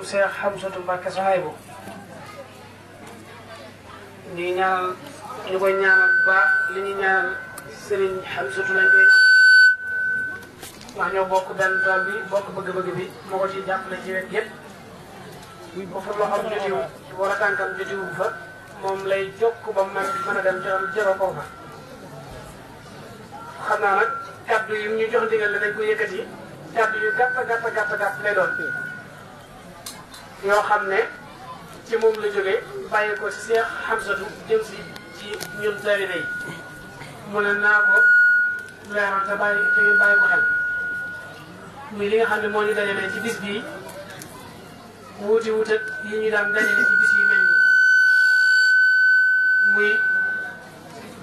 bu Seex Xamsatu Mbàkke Sohaybu ñuy ñaanal ñu koy ñaanal ba baax li ñuy xam sëriñ Xamsatu lañ ñoo bokk benn bi bokk bëgg-bëgg bi moo ko ci jàppale ci wet yépp ba moom lay jokk ba man mën a dem joxam jëro koo fa xam naa nag kàddu yi ñu jox ndigal la dañ ko yëkkati kàddu yu gàtt gàtt gàtt gàtt lay doon yoo xam ne ci moom la jógee bàyyi ko ci Seex Xamsatu jëm si ci ñun taalibe yi mu ne naa ko leeral te bàyyi te ngeen xel muy li nga xam ne moo ñu dajale ci bis bii wuuti wut ak yi ñu daan dajale ci bis yu mel nii muy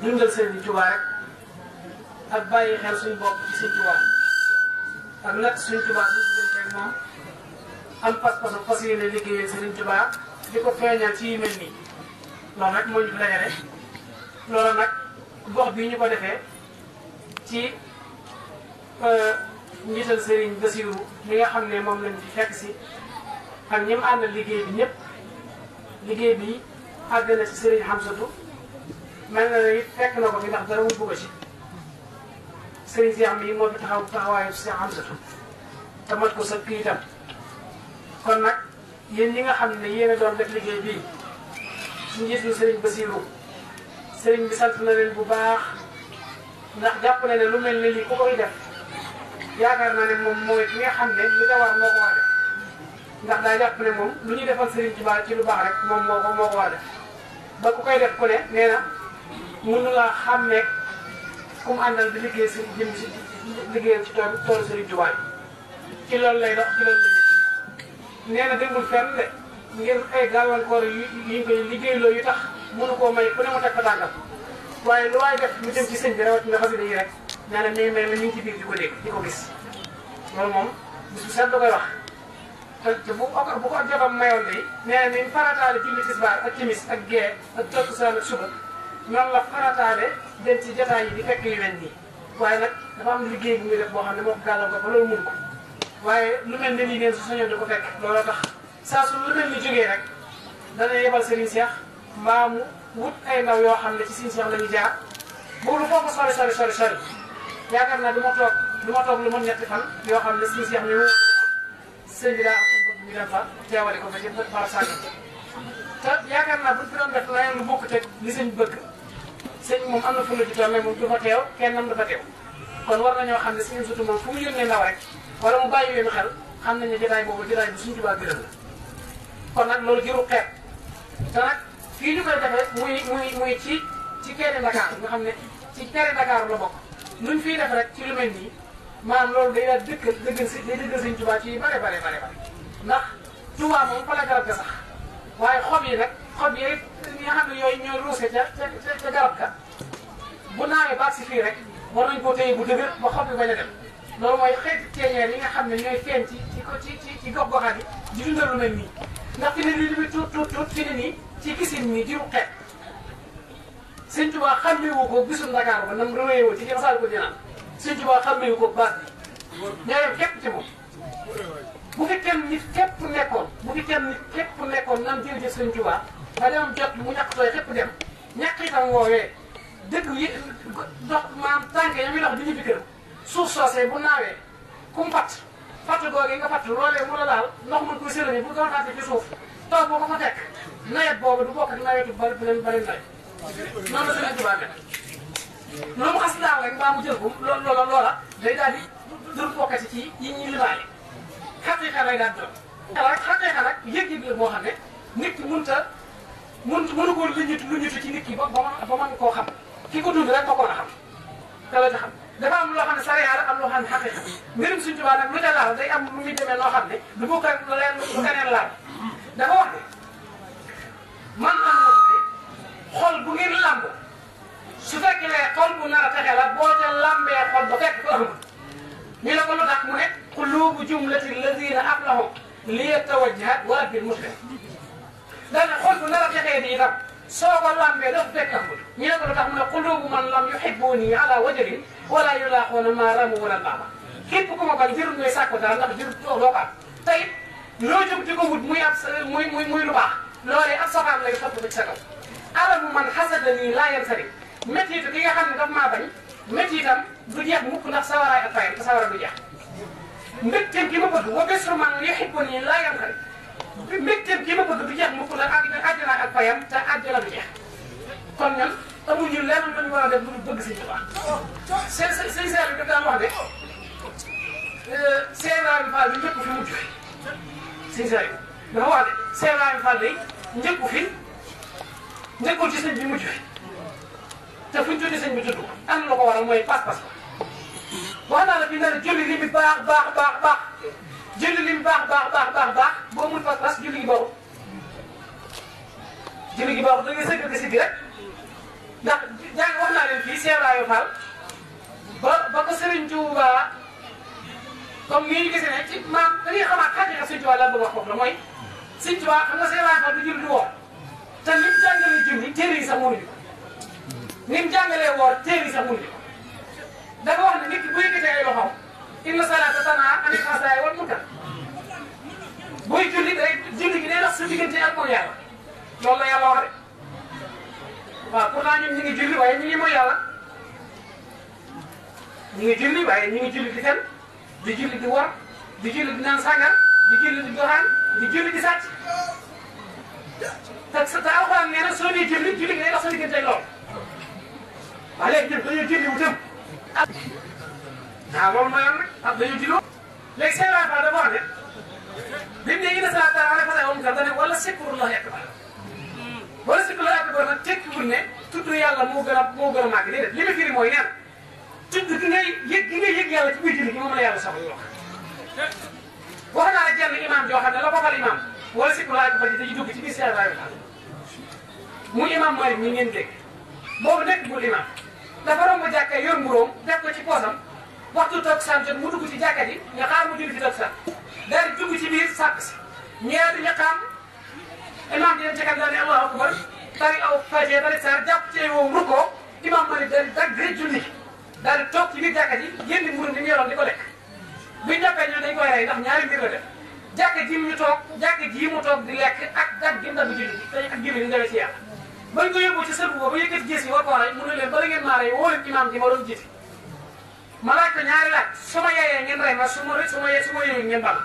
dundal seen Tuubaa rek ak bàyyi xel suñu bopp ci seen Tuubaa ak nag suñu Tuubaa suñu diggante ak moom ak pas-pasu fas yéene liggéeyal Serigne di ko feeñal ci yu mel nii loolu nag moo ñu fi dajale loolu nag gox bii ñu ko defee ci euh, njiital Serigne Bassirou mi nga xam ne moom lañ fi fekk si ak ñi mu àndal liggéey bi ñëpp liggéey bi àgg na ci Serigne Hamsatou mel na ne it fekk na ko fi ndax dara wut bu ko moo fi taxaw taxawaayu Cheikh Hamsatou te mat ko sa kii kon nag yéen ñi nga xam ne yéen a doon def liggéey bii ci njiitu Serigne Bassirou Serigne bi sant na leen bu baax ndax jàpp na ne lu mel ne lii ku def yaakaar naa ne moom moo ki nga xam ne lu ko war moo ko war ndax daa jàpp ne moom lu ñuy defal Serigne Touba ci lu baax rek moom moo ko moo ko war def ba ku koy def ku ne nee na mënu laa xàmmeeg ku mu àndal di liggéey Serigne jëm si ci tool toolu Serigne Touba ci loolu lay dox ci loolu nee na demul fenn de ngir ay gàllankoor yu yu ñu koy liggéeyloo yu tax mënu koo may ku ne mu teg ko tànkam waaye lu waay def lu jëm ci sëñ bi rawatina xasida yi rek nee ñu ci biir di ko dégg di moom bis bu seet da koy wax te bu ok bu na ni farataale julli tisbaar ak timis ak gee ak takkusaan ak suba noonu la farataale dem ci jotaay yi di fekk yu mel nii waaye nag dafa am liggéey bu muy def boo xam ne moo ko gàllankoor ba loolu mun ko waaye lu mel ne nii neen su sañoon di ko fekk looloo tax saa su lu mel ni jógee rek dana yebal Serigne Cheikh mbaa wut ay ndaw yoo xam ne ci Serigne Cheikh la ñu jaar boobu foo ko sori sori sori sori yaakaar naa du ma toog du ma toog lu mën yoo xam ne Serigne Cheikh mi wóor sëñ bi daa am bëgg ñu dem fa teewale ko fa ci par sànni te yaakaar naa buñ fi doon def leneen lu bokk teg li sëñ bëgg na fu fa teew kon war nañoo xam ne Serigne Soutou moom fu mu yónnee ndaw rek wala mu bàyyi leen xel xam nañ ne jotaay boobu jotaay bu suñu Tuubaa gërëm la kon nag loolu jëru xeet te nag fii ñu koy def muy muy muy ci ci keere Dakar nga xam ne ci keere Dakar la bokk luñ fiy def rek ci lu mel nii maanaam loolu day daal dëkkal dëggal si day dëggal Sëñ Tuubaa ci bare bare bare ndax Tuubaa moom fa la garab ga sax waaye xob yi nag xob yi ñi nga xam ne yooyu ñooy ruuse ca ca ca garab ga bu naawee baax si fii rek war nañ koo téye bu dëgër ba xob bi bañ a dem loolu mooy xeetu ceeñeer yi nga xam ne ñooy feeñ ci ci ci ci gox goxaan yi di dundal lu mel nii ndax fi ne nii li muy tuut tuut tuut nii ci gisin nii jiw xeet Sëñ Tuubaa xàmmeewu ko gisul Ndakaar ba nam rëyoo ci jëm saal ko dinaan Sëñ Tuubaa xàmmeewu ko baas bi ñooyam képp ci moom bu fi kenn nit képp nekkoon bu fi kenn nit képp nekkoon nan jërëjëf Sëñ Tuubaa ba demam jot mu ñàkk tooy xépp dem ñàkk itam woowee dëgg yi dox maanaam tànk ya muy dox di ñibbi kër suuf soosee bu naawee ku mu fatt fatt googee nga fatt loolee mu la laal ndox mu ko sërëmi bu gànnaate ci suuf toog boo ko fa fekk nawet boobu du bokk ak nawetu bari beneen bari nawet noonu mu xas daal rek mbaa mu jël ko loola loola day daal di dul bokkati ci yi ñuy limaale xaqiiqa lay daal xam ne nit ki mënut a mënut mënu ko lu ñutu lu ñutu ci nit ki ba ba mën ba mën koo xam ki ko dund rek moo ko mën a dafa am loo xam ne la am loo xam ne xaqiqa mbirum suñ tubaab nag lu ca laal day am lu muy demee loo xam ne du bokk ak lu leen lu keneen laal dafa wax man na xol bu ngeen lamb su fekkee xol bu nar a texe la boo ca lambee xol ba fekk ko amul ñu ne ko lu tax mu ne qulubu jumlati lazina aflahu liyatawajjaha wa rabbil muslim daanaka xol bu nar a texee nii itam soo ko lambee daf fekkagul ñu ne ko lu tax mu ne qulubu man lam yuhibbuni ala wajrin wala yulaaxuuna ma ramu wala laama képp ku ma bañ jërul ngay sàkku dara ndax jërul loo ko am tey loo jóg di ko wut muy ab muy muy muy lu baax loolee ab safaan lay xottu ba ci sa kaw alamu man xasada nii laa yan sari méttiitu ki nga xam ne daf maa bañ méttiitam du jeex mukk ndax sawaraay ak fayam te sawara du jeex mbégteem gi ma bëgg wa bésru man yuhibbuni laa yan sari mbégteem gi ma bëgg du jeex payam te àjjana du jeex kon ñun amuñu lenn lu ñu war a def lu ñu bëgg Sëñ Tuubaa seen seen seen seer bi daan wax de euh, Seeraay Fall bi njëkk fi mujj fi seen seer bi dafa wax de Seeraay Fall day njëkk fi njëkkul ci sëñ bi mujj fi te fu ñu tuddee sëñ bi tudd ko am na ko waral mooy pas-pas ba wax naa la bi naan julli li mi baax baax baax baax julli li mi baax baax baax baax boo mun pas-pas julli gi boobu julli gi baaxul da ngay sëgg si bi rek ndax jàng wax naa fii Cheikh Ibrahima Fall ba ba ko Serigne Touba comme ni ñu gisee ne ci maam dañuy xamaat xaajal ak Serigne Touba lan bëgg wax foofu la mooy Serigne Touba xam nga Cheikh Ibrahima Fall du julli du woor te ni mu jàngalee julli téere yi sax mënuñu ko ni mu jàngalee woor téere yi sax mënuñu ko dafa wax ne nit ki bu yëkkatee ay loxoom inna salaata tanhaa anil fahshaa'i wal munkar buy julli day julli gi day dox su diggante ak moom yàlla. loolu la yàlla wax de waaw pourtant ñun ñu ngi julli waaye mooy yàlla ñu ngi julli waaye ñu ngi julli di fen di julli di war di julli di naan sàngar di julli di doxaan di julli di sàcc te sa taa alxuraan nee na soo nee julli julli gi day dox sa diggante lool waaye léegi ñun dañoo julli wutam ah loolu mooy yoon nag ak dañoo julloo léegi seen waay dafa wax ne lim ne inna wala si la ko nag tekkiwul ne tudd yàlla moo gën a moo gën a màgg firi mooy neen tudd gi ngay yëg gi ngay yëg yàlla ci la wax jenn imam joo xam la imam wala si la ko fa ji dugg ci mu imam Malick mi ngeen dégg boobu nekk bul imam dafa romb jàkka yor mburóom def ko ci poosam waxtu toog saan jot mu dugg ci jàkka nga xaar mu julli ci dugg ci imaam dina tegal daal ne allahu akbar tari aw faje tari saar jàpp ci wow ruko imaam Malick daal di dagg julli daal di toog ci biir jàkka ji génn mburum li mu yoroon ko de buñ jàppee ñoom dañ koy rey ndax ñaari mbir la ji mu toog jàkka ji mu toog di ak dagg gi mu dagg julli te ak julli di demee ci yàlla bañ ko yóbbu ci sëb ko ba yëkkati gis yi war koo rey mu ne leen bala ngeen maa rey woo leen imaam ji ma doon jiite ma laaj ko ñaari laaj su ma yeeyee ngeen rey ma su ma su ma ngeen bal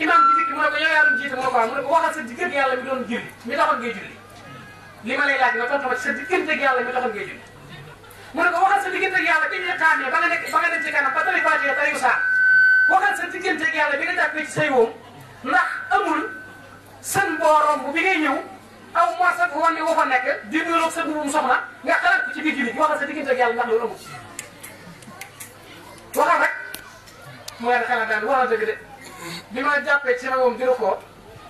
imam bi dikk mu ne ko yow yaa doon jiite mu ne ko waaw mu ne ko waxal sa diggante yàlla mi doon julli mi taxoon ngay julli li ma lay laaj nga tontu ma ci sa diggante ak yàlla mi taxoon ngay julli mu ne ko waxal sa diggante ak yàlla bi ñu tànnee ba nga nekk ba nga dem ci kanam ba tali fàccee tayu saa waxal sa diggante ak yàlla bi nga jàppee ci say woom ndax amul seen mbooroom bi ngay ñëw aw morsa bu wan ni woo fa nekk di niroog sa dugub soxna nga xalaat ko ci biir julli waxal sa diggante ak yàlla ndax loolu amul waxal rek mu leen xalaat daal waxal dëgg de bi ma jàppee ci rawam juru ko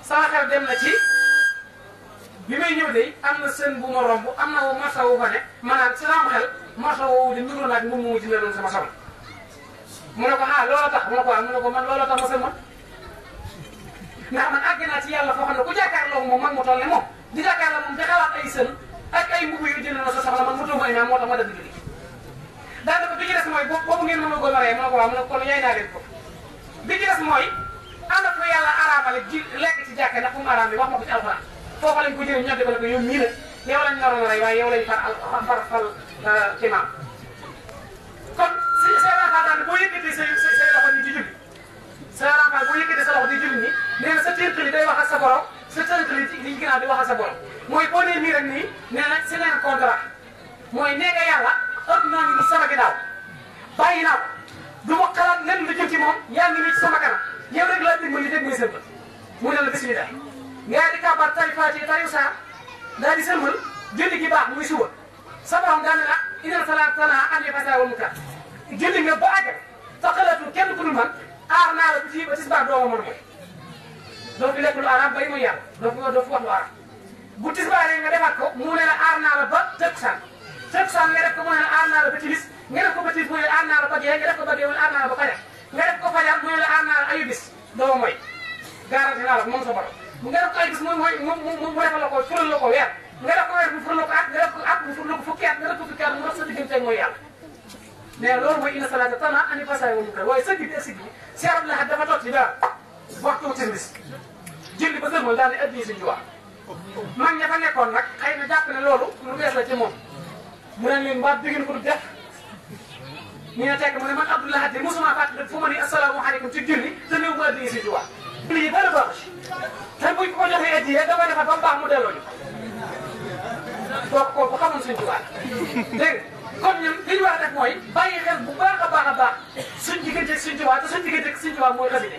sama xel dem na ci bi may ñëw de am na sen bu ma romb am na marsa wu fa ne maanaam ci laam xel marsa woowu de nuroo naag moom moo ci leeroon mu ne ko ah loola tax mu ne ko ah mu ne ko man loola tax ma sën ma ndax man àgg naa ci yàlla foo xam ne ku jàkkaarloo moom man mu toll ne mo di jàkkaarloo moom te xalaat ay sën ak ay mbubu yu jënd na sa soxla man mu tënku ay maam moo tax ma def julli daanaka bi ngeen mën a ko waaw mu ne ko kon yaay naa leen ko ànd ak lu yàlla araamale lekk ci jàkkee ndax fu mu araam bi wax ma ko ci alxuraan foofa ko jëlee ñoom defal ko yow ñii la yow lañ naroon a rey waaye yow lañ far al far fal euh, imaam nii nee na sa tënkal yi day wax ak sa borom sa tënkal yi mooy boo nee nii nii nee na c'est un contrat mooy nee nga yàlla ëpp naa ngi ni sama ginnaaw bàyyi naa du ma xalaat lenn lu jëm ci moom yaa ngi nii sama kanam yow rek laa déglu li déglu sëlmal mu ne la bismillah nga di ka kabar tay faati tayu sa da di sëlmal julli gi baax muy suwa sa borom daal ila salat sala an ani fasaa wa munkar julli nga ba àgg taxalatu kenn ku dul man ar na la bu fii ba tisbaar doo ma mo mooy doo fi lekul arab bay mu yàlla do fi do fi wax lu araam bu tisbaaree nga defat ko mu ne la ar na la ba tëkkusaan tëkkusaan nga rek ko mu ne la aar naa la ba timis nga rek ko ba timis mu ne la aar la ba ge nga rek ko ba ge mu ar na la ba fajar nga def ko fajar mu ne la aar naa ayu bis doo mooy garanti naa la moom sa borom nga def ko ayu bis moom mooy moom moom mu defal la ko fural la ko weer nga def ko weer bu fural la ko at nga def ko at bu fural la ko fukki at nga def ko fukki at mu dox sa diggante ak mooy yàlla mais loolu mooy inna salaata tana ani fasaay wa munkar waaye sëgg bi ak sëgg bi Cheikh Abdou Lahad dafa toog ci daal waxtu timis julli ba sërmal daal di addi si juwaa man ña fa nekkoon nag xëy na jàpp ne loolu lu bees la ci moom mu ne leen mbaat dégg ko du def ñu ne tekk mu ne man Abdou Lahad di mosuma fàttali fu ma ni asalaamaaleykum ci julli te néew ma addiya si Tuubaa julli yi dara baax ci te buñ ko joxee addiya da koy defar ba mu baax mu delloo ñu kooku kooku xamul suñ Tuubaa dégg kon ñun li ñu war a def mooy bàyyi xel bu baax a baax a baax suñ diggante suñ Tuubaa te suñ diggante suñ Tuubaa mooy xasida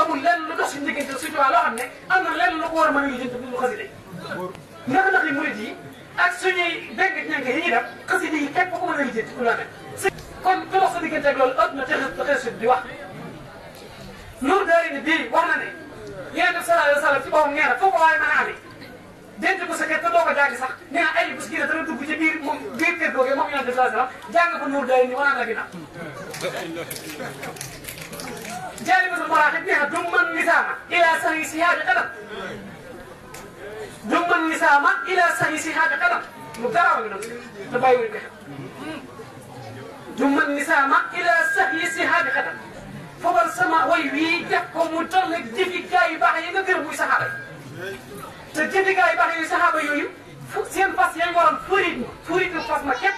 amul lenn lu dox suñ diggante suñ Tuubaa loo xam ne am na lenn lu ko war a mën a lijjanti lu xasida naka naka yi murid yi ak suñuy dégg ñànk yi ñuy def xasida yi képp ku mën a lijjanti ku la nekk kon ku dox sa diggante ak loolu ëpp na te xeesu di wax Nour Daarayni bii wax na ne yéen a sallallahu alayhi wa sallam ci boppam nee na foo ko waaye mën a amee denc ko sa kër te doo ko jàng sax nee na ay bés gi dana dugg ci biir moom biir kër googee moom yonent bi sallallahu alayhi wa sallam jàng ko Nour Daarayni wanaan la ginnaaw jaalibatul maraaxib nee na du man nisaama ila sahi si qadam du man nisaama ila sahi si qadam lu garaaw ngi noonu te bàyyiwuñ ko ثم النساء ما إلى سهي سهاب خدم فبر سما ويجيكم مجلق جفي كاي بحي نقر بوي سهاب تجفي كاي بحي سهاب يويو سين فاس يان ورم فريد فريد فاس مكت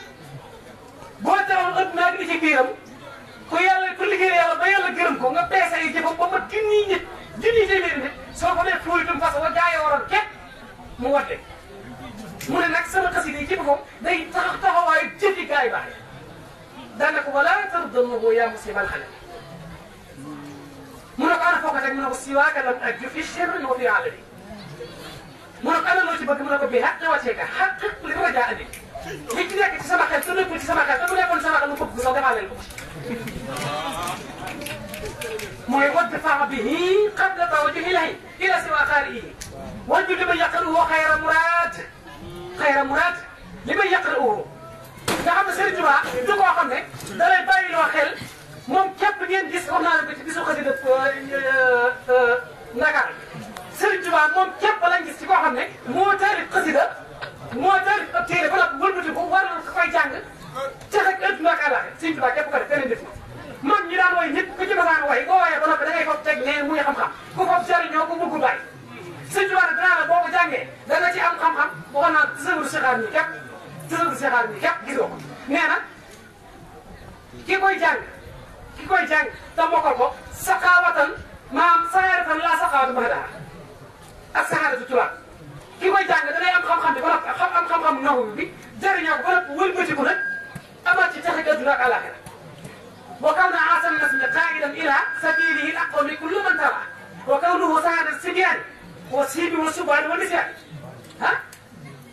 بوتران ابن أبي تكيرم كيال كل كيال بيال كيرم كونغ بس أي جفو بمر كنين جني جني سوف نه فريد فاس وجاي ورم كت موتة مونا نكسر القصيدة كيف هو ده يتخطى هواي جفي كاي بحي قدامك ولا ترضنه يا مسلم الحلال منك أنا فوق من السواك لم أجي في الشر وفي عالي منك أنا لو تبقى منك بهك نواتيك حقق لرجاء ذلك لكنك تسمح كالتنك وتسمح كالتنك ويقول سمح أنك بزوجة على الوش ما يودفع به قبل توجه إليه إلى سوى خارئه وجد لمن يقرؤه خير مراد خير مراد لمن يقرؤه نعم سيرجوها دقوا خمسة da lay bàyyiloo xel moom képp ngeen gis wax naa ne ko ci bisu xasida euh, euh, euh, Ndakaar Serigne Touba moom képp lañ gis ci koo xam ne moo taalif xasida moo taalif ab téere ba noppi wëlbati ko war na ko koy jàng cax ak ëpp ak ko ñi daan woy ñëpp ku ci masaan ba noppi da ngay foog teg nee muy xam-xam ku foog jariñoo ku bëgg bàyyi Serigne Touba nag dinaa la boo ko jàngee ci am xam-xam waxoon naa tësëru sixaar ñi képp tësëru sixaar ñi képp ko nee na ki koy jàng ki koy jàng te mokkal ko saxaawatan maam saxaaratan laa saxaawatu maanaam ak saxaaratu turaab ki koy jàng da ngay am xam-xam bi ba noppi xam am xam-xam naxu bi jëriñoo ko ba noppi wëlbatiku nag amaat ci texe àdduna ak àllaaxira wa kaw naa asan nas na taagidan ila sabilihi aqwam li kulli man tara wa kaw nuhu saxaaratan sibiyaan wa siibi wa subaan wa nisiyaan ah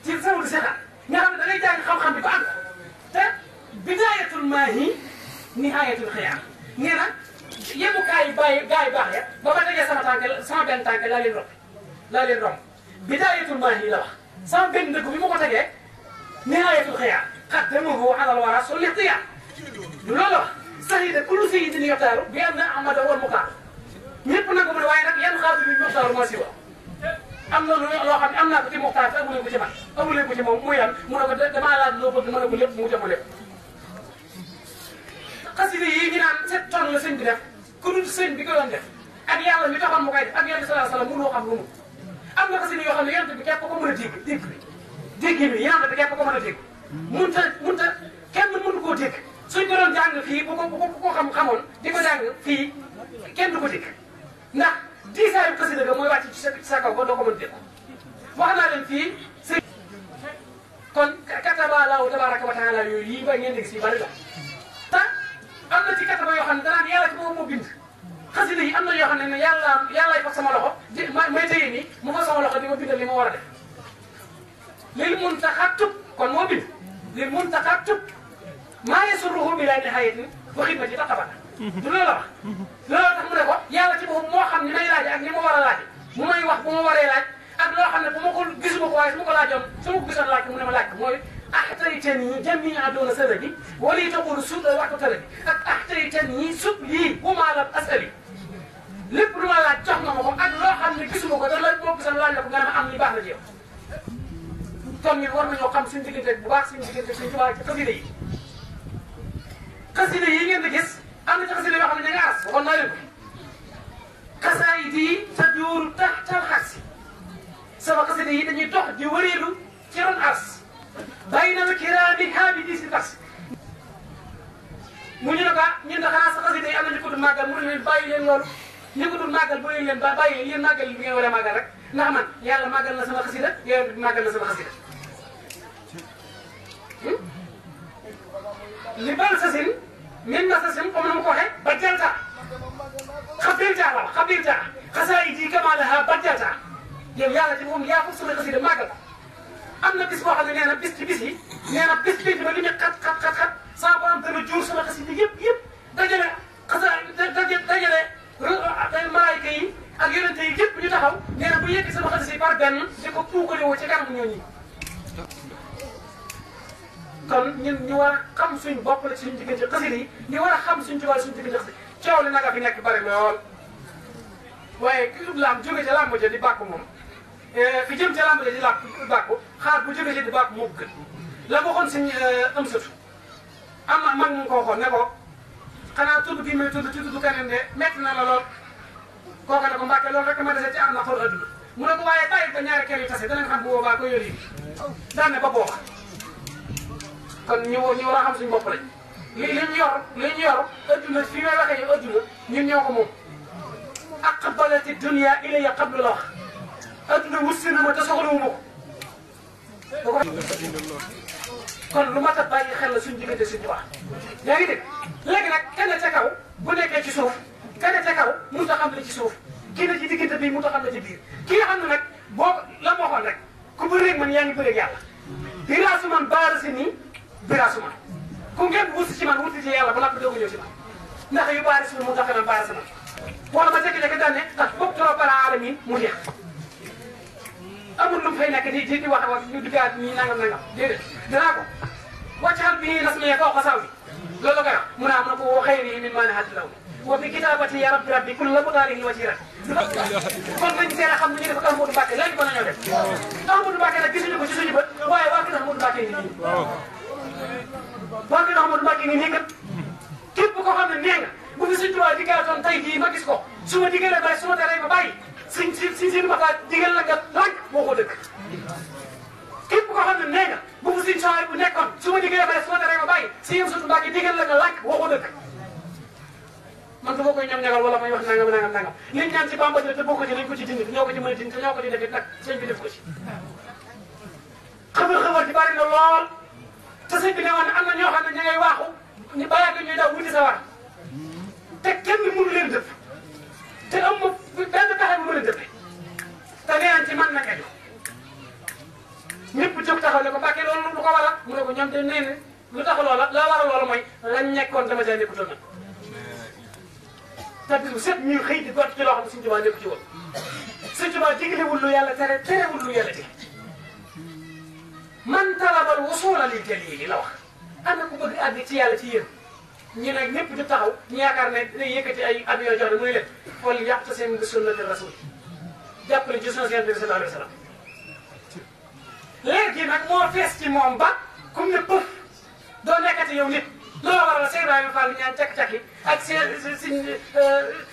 ci sawul seetaan nga xam ne da ngay jàng xam-xam bi ba am te bidaayatul maahi نهاية الخيار نينا يبو كاي باي غاي باخيا بابا تيجا سما تانك سما بن تانك لا لين روم لا لين روم بداية الماهي لا سما بن نكو بيمو كتاك نهاية الخيار قدمه على الوراس والاختيار لولا سيد كل سيد يختار بأن أحمد هو المقال ñepp na ko waye nak yeen xaar bi muxtar mo ci wa amna lu lo xam amna ko ci muxtar amulen ko ci man amulen ko ci mom mu yal mu ne ko dama la lo xasida yi ñu naan sept tonnes la sëñ bi def ku dul sëñ bi ko doon def ak yàlla mi taxoon mu koy def ak yonent sallallahu alayhi wasallam mu am na xasida yoo xam ne yonent bi képp ko mën a dégg dégg bi bi yonent bi képp ko mën a dégg mun ta mun ta kenn mënu koo dégg suñ doon jàng fii bu ko bu ko xam xamoon fii kenn du ko dégg ndax diisaayu xasida ga mooy wàcc ci sa ci sa kaw ba doo ko mën dégg wax naa fii sëñ kon kataba laahu tabaraka wa taala yooyu yi ba ngeen dégg si bari am na ci kataba yoo xam ne danaan yàlla ci moom moo bind xasida am na yoo xam ne ne yàlla yàllaay fas sama loxo ji ma may téye mu fas loxo di ma bindal li ma war a def lil muntaxatub kon moo bind lil muntaxatub maa yasurruhu bi laa nihayatin wa xidmati taqabala du loolu la wax loolu tax mu ne ko yàlla ci boppam moo xam ni may laaje ni ma war a laaje mu may wax bu ma waree laaj ak xam ne bu ma ko gisuma ko waaye su ma ko laajoon su ma ko mu ne ma laaj mooy أحتريتني جميع دون سرقي ولي تقول سود الوقت تلقي أحتريتني سبلي وما لب أسألي لبنا لا تحنا ما أقول لا أن نقسم وقد لا يبقى بس لا يبقى أنا أملي بعد اليوم تامي ورمي وقام سنتي كنت بقى سنتي كنت سنتي بقى كتبي لي كسي لي يعني نجس أنا كسي لي بقى نجس وانا لب كسي دي تدور تحت الحس سبق سنتي يدني تحت يوري له كيران أرس baynal kiraami haamidiina si tax mu ñu ne ko ñun de xanaa sa xasida yi am nañu ko dul màggal mu ne leen bàyyi leen loolu ñu ko dul màggal boo leen ba bàyyi leen màggal bi ngeen war a màggal rek ndax man yàlla màggal na sama xasida yàlla màggal na sama xasida li bal sasin min na sasin comme na ma ko waxee badjalta xabirta la xabirta xasaa yi di kama laha badjalta yow yàlla ci moom yaa ko sama xasida màggal ko am na bis boo xam ne nee na bis ci bis yi nee na bis bi ma li muy xat xat xat xat saa borom dana jur sama xasida yëpp yëpp dajale xasaar dajale dajale malaayka yi ak yonente yi yëpp ñu taxaw nee na bu yegg sama xasida yi par benn di ko puukale woo ci kanam ñooñu. kon ñun ñu war a xam suñ bopp la suñ suñu diggante xasida yi ñu war a xam suñ ci wàllu suñu diggante xasida coow li naka fi nekk bari lool waaye ki ub laam jóge ca laam ja di moom. Eh, fi jëm ca làmb di làkk bàkku xaar bu jógee di bàkku moo gën la ko xoon suñ eh, am sëtu am na man mu ko waxoon ne ko xanaa tudd gi may tudd ci tudd keneen de métti na la lool kooka ne ko mbàkke loolu rek ma dese ci am na xol adduna mu ne ko waaye bàyyi ba ñaari kër yu tase danañ xam bu boobaa ko yori daan ne ba booba kon ñu ñu war a xam suñu bopp lañ li li ñu yor li ñu yor adduna fi may waxee yow adduna ñun ñoo ko moom aqbalati dunya ilayya qablu la wax adduna wut si na ma te soxlawu ma kon lu mat a bàyyi xel la suñu diggante suñu wax yaa ngi dégg léegi nag kenn ca kaw bu nekkee ci suuf kenn te kaw mënut a xam la ci suuf kii na ci diggante bii mënut a xam la ci biir ki nga xam ne nag boo la ma waxoon rek ku bëreeg man yaa ngi bëreeg yàlla. biraasu man baara nii biraasu man ku ngeen wut si ci man wuti ci yàlla ba noppi doog a ñëw ci man ndax yu baari si mu tax a baara man wala ne ndax bopp trop amul lu fay nekk di di di wax wax ñu duggaat ñi nangam nangam déedéet dinaa ko waccal bi las mi ko xasaw bi loolu nga mu naa mën a ko waxee ni min maana hati law wa bi kitaabati ya rabbi rabbi kullu mutaarihin wa jiran kon nañ teel a xam lu ñu def ak Amadou Mbacke léegi mën nañoo def Amadou Mbacke nag gisuñu ko ci suñu bët waaye waa kër Amadou Mbacke ni nii waa kër Amadou Mbacke ni nii kat képp ko xam ne nee nga bu fi suñu tubaab di gaatoon tey jii ma gis ko su ma diggee la bàyyi su ma teree ma bàyyi suñ si suñ seen mataaj jigéen la nga lànk moo ko dëkk. képp koo xam ne nee nga bu mu bu nekkoon su ma diggee bàyyi su ma daree ma bàyyi si yéen suñu mbàkk jigéen la nga lànk moo ko dëkk. man du ma koy ñam ñagal wala may wax nangam nangam nangam liñ ñaan ci bàmba te bokk ci dañ ko ci dindi ñoo ko ci mën a dindi te ñoo ko ci def nag sëñ bi def ko ci. xabar xabar ci bari na lool te ne woon am na ñoo xam ne ña ngay waaxu ñu bàyyi ak ñuy daw wuti sa war te kenn mënu leen def te nee na lu tax loola la war a loola mooy lañ nekkoon dama jaay nekkutoon na. c'est-à-dire bu set ñuy xëy di gott ci loo xam ne suñ tubaab nekku ci woon suñ tubaab diglewul lu yàlla tere terewul lu yàlla tere man talabal wusula li jalili la wax ana ku bëgg àgg ci yàlla ci yéen ñu ne ñëpp di taxaw ñu yaakaar ne day yëkkati ay avion jox ne muy leen xool yàqta seen bi sunnati rasul jàppale ci sunna seen bi sallallahu alayhi wa leer gi nag moo fees ci moom ku mu ne pëf doo nekkati yow nit loo waral Seydou Ibrahima Fall ñaan càkk-càkk yi ak seen siñ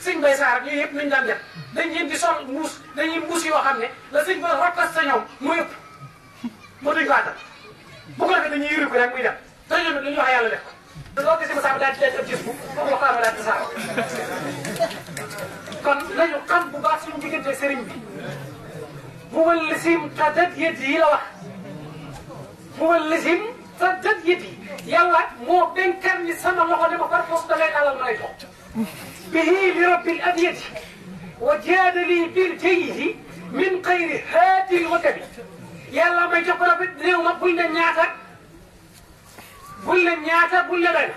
siñ bay saar ak yooyu yëpp nañu daan def dañ leen di sol muus dañuy muus yoo xam ne la siñ ba rottas sa ñoom mu yëpp moo duñ ko àttal bu ko dañuy yëriku rek muy dem dañoo ne dañuy wax yàlla def ko loo gisee ma sax daal di denc ab gis bu foofu la ko amee daal di saar kon lañu xam bu baax suñu diggante sëriñ bi bu wël lisim tadat yët yi la wax bu wël sa jat yëti yàlla moo dénkaan li sama loxo ne ma par force da ngay alal may dox bihi li rabbil adyati wa jaadali bil jayyi min xayri haatil watabi yàlla may jox ko rafet néew ma buñ la ñaata buñ la ñaata buñ la doy na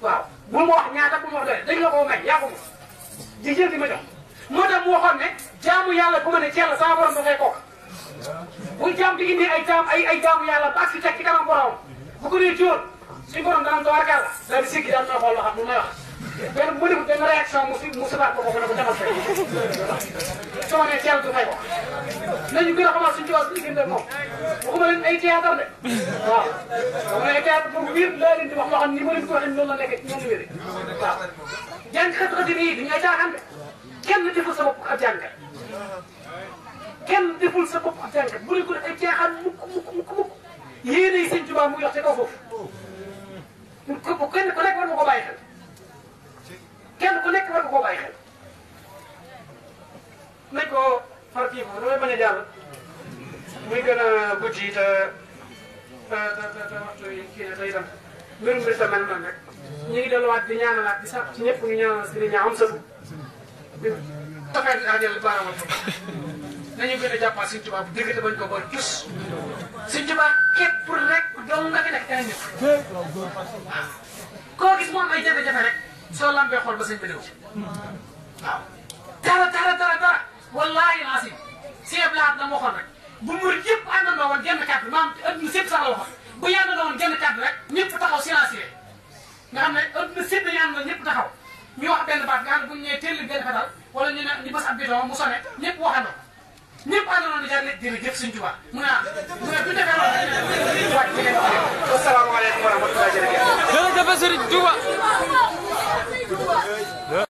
waaw bul ma wax ñaata bul ma wax doy dañ la koo may yaa ko moom di jël di ma jox moo tax mu waxoon ne jaamu yàlla bu ma ne ci yàlla sama borom dafay kooka bu jaam di indi ay jaam ay ay jaamu yàlla ba si teg ci kanam borom bu ko nee jóor suñu borom danañ ko war a gàll. daal di sigg daal di xool loo xam lu may benn bu nekk benn mu si mu sabaat ko ko ne ko demal fay soo nee teel du a xamal suñu joor suñu di wax loo xam ni ma leen ci ñoom wéree waaw jàng xët-xët yi duñu ay caaxaan kenn deful sa kenn deful sa bopp ak jàngat bu leen ko def ay caaxaan mukk mukk mukk mukk yéenay sëñ mu yox ci kaw foofu ko kenn ku nekk war ko bàyyi xel kenn ku nekk war nga koo xel nañ ko farti ko damay bañ a jàll muy gën a guddi ta te te te waxtu yi kii na tey tam sa di ñaanalaat di sàpp ci ñu ñaanal ak nañu gën a jàppaat Sëñ Tuubaa bu dëgg te bañ ko boole tus Sëñ Tuubaa képp rek dong nga fi nekk te nit waaw koo gis moom ay jafe-jafe rek soo lambee xool ba sëñ bi dëgg tara tara tara tara dara wallaahi laasim sieb laat la ma waxoon rek bu mur yëpp àndandoo woon genn kàddu maam adduna sépp sax la waxoon bu yàndandoo woon genn kàddu rek ñëpp taxaw silencieux nga xam ne adduna sépp dañu àndandoo ñëpp taxaw ñu wax benn baat nga xam ne bu ñu ñëwee teel benn fetal wala ñu ne ñu bës ab bidon mu sone ñëpp waxandoo ñëpp àndoon daal ne jërëjëf suñ tubaab mu ne ah mu ne du defee loolu dañu wàcc ci leen ko asalaamaaleykum wa rahmatulah jërëjëf jërëjëf sëriñ Tuuba